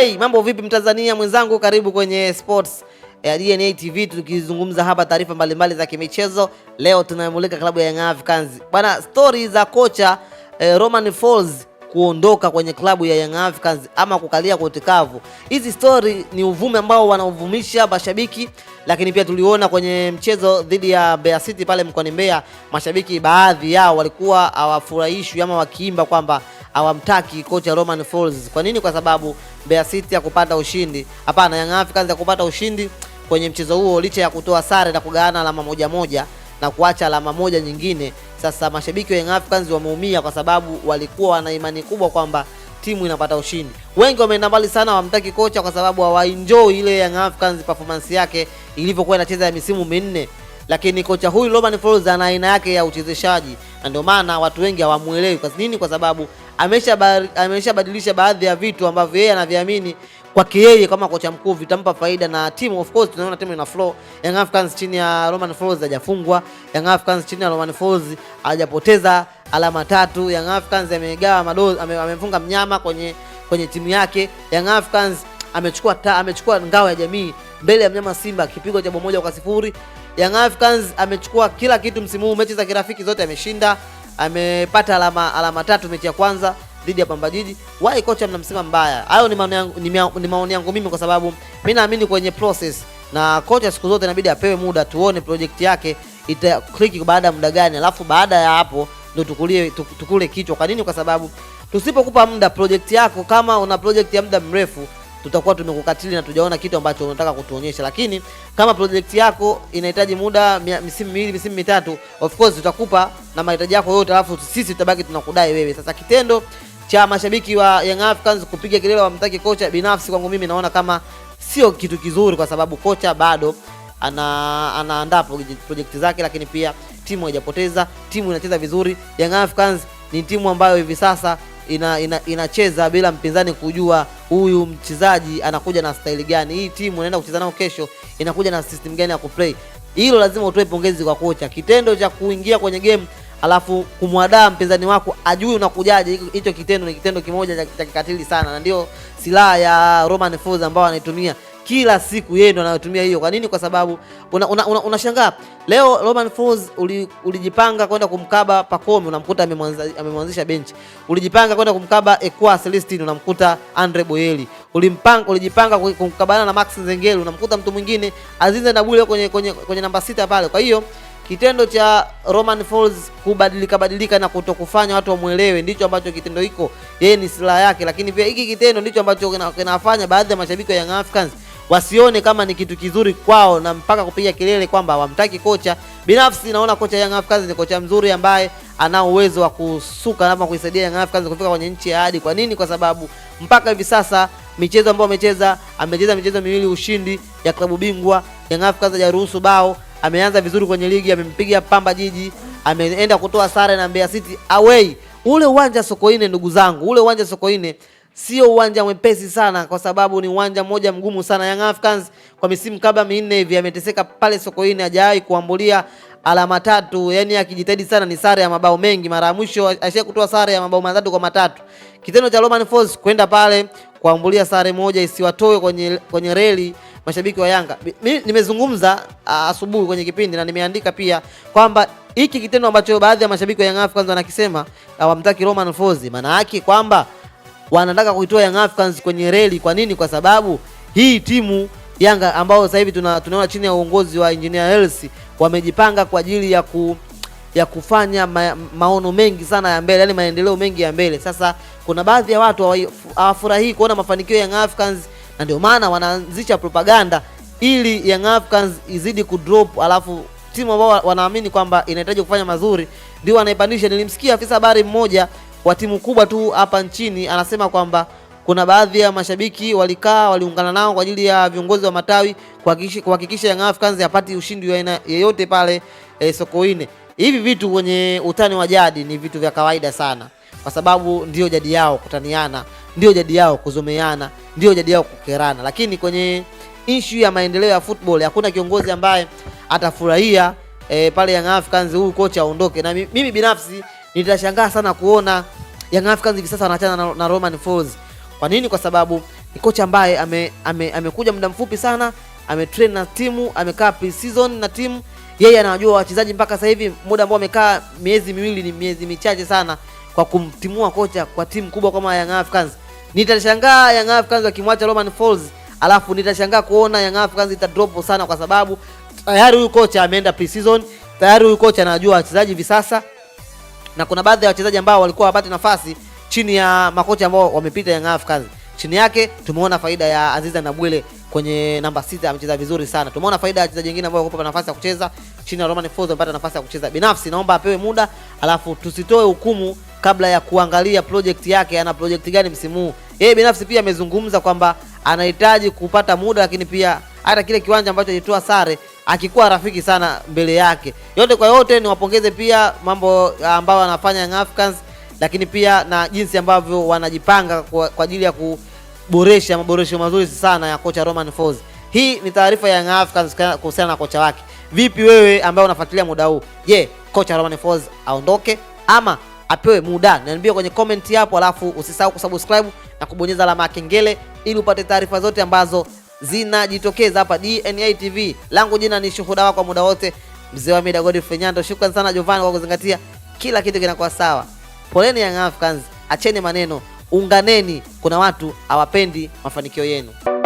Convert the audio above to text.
Hey, mambo vipi Mtanzania mwenzangu, karibu kwenye Sports ya eh, DNA TV tukizungumza hapa taarifa mbalimbali za kimichezo. Leo tunamulika klabu ya Young Africans. Bwana, stori za kocha eh, Romain Folz kuondoka kwenye klabu ya Young Africans ama kukalia kotikavu, hizi stori ni uvume ambao wanauvumisha mashabiki lakini pia tuliona kwenye mchezo dhidi ya Mbeya City pale mkoani Mbeya, mashabiki baadhi yao walikuwa hawafurahishwi ama wakiimba kwamba hawamtaki kocha Romain Folz. Kwa nini? Kwa sababu Mbeya City ya kupata ushindi, hapana, Young Africans ya kupata ushindi kwenye mchezo huo, licha ya kutoa sare na kugawana alama moja moja na kuacha alama moja nyingine. Sasa mashabiki wa Young Africans wameumia kwa sababu walikuwa wana imani kubwa kwamba timu inapata ushindi. Wengi wameenda mbali sana, wamtaki kocha kwa sababu hawaenjoy ile Young Africans performance yake ilivyokuwa inacheza ya misimu minne, lakini kocha huyu Romain Folz ana aina yake ya uchezeshaji, na ndio maana watu wengi hawamuelewi. Kwa nini? Kwa sababu ameshabadilisha ba, amesha baadhi ya vitu ambavyo yeye anaviamini kwake yeye kama kocha mkuu vitampa faida na timu. Of course tunaona timu ina flow. Young Africans chini ya Romain Folz hajafungwa, Young Africans chini ya Romain Folz hajapoteza alama tatu. Young Africans amegawa madozi, amefunga mnyama kwenye kwenye timu yake. Young Africans amechukua ta, amechukua ngao ya jamii mbele ya mnyama Simba kipigo cha bao moja kwa sifuri. Young Africans amechukua kila kitu msimu huu, mechi za kirafiki zote ameshinda, amepata alama alama tatu mechi ya kwanza dhidi ya Pamba Jiji. Why kocha mnamsema mbaya? Hayo ni maoni yangu, ni maoni yangu mimi, kwa sababu mimi naamini kwenye process, na kocha siku zote inabidi apewe muda, tuone project yake ita click baada ya muda gani, alafu baada ya hapo ndio tukulie tukule kichwa. Kwa nini? Kwa sababu tusipokupa muda project yako, kama una project ya muda mrefu tutakuwa tumekukatili na tujaona kitu ambacho unataka kutuonyesha. Lakini kama project yako inahitaji muda misimu miwili, misimu mitatu, of course tutakupa na mahitaji yako yote, alafu sisi tutabaki tunakudai wewe. Sasa kitendo cha mashabiki wa Young Africans kupiga kelele wamtaki kocha, binafsi kwangu mimi naona kama sio kitu kizuri, kwa sababu kocha bado ana anaandaa project zake, lakini pia timu haijapoteza, timu inacheza vizuri. Young Africans ni timu ambayo hivi sasa ina, ina, inacheza bila mpinzani kujua huyu mchezaji anakuja na staili gani, hii timu inaenda kucheza nao kesho inakuja na system gani ya kuplay. Hilo lazima utoe pongezi kwa kocha, kitendo cha kuingia kwenye game alafu kumwadaa mpinzani wako ajui unakujaje, hicho kitendo ni kitendo kimoja cha kikatili sana, na ndio silaha ya Romain Folz ambao anaitumia kila siku yeye ndo anayotumia hiyo. Kwa nini? Kwa sababu unashangaa una, una, una leo Roman Falls ulijipanga uli kwenda kumkaba Pacome unamkuta amemwanzisha benchi, ulijipanga kwenda kumkaba Ekwa Celestine unamkuta Andre Boyeli, ulimpanga ulijipanga kumkabana na Max Zengeli unamkuta mtu mwingine Azize Nabule kwenye, kwenye, kwenye namba sita pale. Kwa hiyo kitendo cha Roman Falls kubadilika badilika na kutokufanya watu wamwelewe ndicho ambacho kitendo hiko yeye ni silaha yake, lakini pia hiki kitendo ndicho ambacho kinafanya baadhi ya mashabiki wa Young Africans wasione kama ni kitu kizuri kwao na mpaka kupiga kelele kwamba wamtaki kocha. Binafsi naona kocha Young Africans ni kocha mzuri ambaye ana uwezo wa kusuka ama kuisaidia Young Africans kufika kwenye nchi ya hadi. Kwa nini? Kwa sababu mpaka hivi sasa michezo ambayo amecheza, amecheza michezo miwili ushindi ya klabu bingwa. Young Africans hajaruhusu bao, ameanza vizuri kwenye ligi, amempiga Pamba Jiji, ameenda kutoa sare na Mbeya City away. Ule uwanja Sokoine, ndugu zangu, ule uwanja Sokoine sio uwanja mwepesi sana, kwa sababu ni uwanja mmoja mgumu sana. Young Africans kwa misimu kabla minne hivi ameteseka pale Sokoine, hajawahi kuambulia alama tatu, yani akijitahidi sana ni sare ya mabao mengi. Mara ya mwisho ashia kutoa sare ya mabao matatu kwa matatu. Kitendo cha Romain Folz kwenda pale kuambulia sare moja isiwatoe kwenye, kwenye reli mashabiki wa Yanga. Mimi nimezungumza asubuhi kwenye kipindi na nimeandika pia kwamba hiki kitendo ambacho baadhi ya mashabiki wa Young Africans wanakisema hawamtaki Romain Folz, maana yake kwamba wanataka kuitoa Young Africans kwenye reli. Kwa nini? Kwa sababu hii timu Yanga ambao sasa hivi tuna, tunaona chini ya uongozi wa Engineer Hersi wamejipanga kwa ajili ya ku ya kufanya ma, maono mengi sana ya mbele, yani maendeleo mengi ya mbele. Sasa kuna baadhi ya watu hawafurahii kuona mafanikio ya Young Africans, na ndio maana wanaanzisha propaganda ili Young Africans izidi kudrop, alafu timu ambao wanaamini kwamba inahitaji kufanya mazuri ndio wanaipandisha. Nilimsikia afisa habari mmoja wa timu kubwa tu hapa nchini, anasema kwamba kuna baadhi ya mashabiki walikaa waliungana nao kwa ajili ya viongozi wa matawi kuhakikisha Young Africans yapati ushindi wa aina yeyote pale e, Sokoine. Hivi vitu kwenye utani wa jadi ni vitu vya kawaida sana, kwa sababu ndio jadi yao kutaniana, ndio jadi yao kuzomeana, ndio jadi yao kukerana. Lakini kwenye issue ya maendeleo ya football hakuna kiongozi ambaye atafurahia e, pale Young Africans huyu kocha aondoke, na mimi binafsi nitashangaa sana kuona Young Africans hivi sasa wanachana na, na Roman Folz. Kwa nini? Kwa sababu ni kocha ambaye amekuja ame, ame muda mfupi sana, ametrain na timu, amekaa pre-season na timu, yeye anawajua wachezaji mpaka sasa hivi. Muda ambao amekaa miezi miwili ni miezi michache sana kwa kumtimua kocha kwa timu kubwa kama Young Africans. Nitashangaa Young Africans wakimwacha Roman Folz, alafu nitashangaa kuona Young Africans ita drop sana, kwa sababu tayari huyu kocha ameenda pre-season, tayari huyu kocha anajua wachezaji hivi sasa na kuna baadhi ya wachezaji ambao walikuwa hawapati nafasi chini ya makocha ambao wamepita Young Africans. Chini yake tumeona faida ya Aziza na Bwile kwenye namba sita amecheza vizuri sana. Tumeona faida ya wachezaji wengine ambao wakupa nafasi ya kucheza chini ya Roman Fozo, amepata nafasi ya kucheza. Binafsi naomba apewe muda, alafu tusitoe hukumu kabla ya kuangalia project yake, ana project gani msimu huu. Yeye binafsi pia amezungumza kwamba anahitaji kupata muda, lakini pia hata kile kiwanja ambacho alitoa sare akikuwa rafiki sana mbele yake. Yote kwa yote, niwapongeze pia mambo ambayo wanafanya Young Africans, lakini pia na jinsi ambavyo wanajipanga kwa ajili ya kuboresha maboresho mazuri sana ya kocha Roman Folz. Hii ni taarifa ya Young Africans kuhusiana na kocha wake. Vipi wewe ambaye unafuatilia muda huu? Je, kocha Roman Folz aondoke ama apewe muda? Niambie kwenye comment hapo, alafu usisahau kusubscribe na kubonyeza alama ya kengele ili upate taarifa zote ambazo zinajitokeza hapa DNA TV. Langu jina ni shuhuda wako muda wote, mzee wa mida Godfrey Nyando. Shukrani sana Jovani kwa kuzingatia, kila kitu kinakuwa sawa. Poleni Young Africans, acheni maneno, unganeni. Kuna watu hawapendi mafanikio yenu.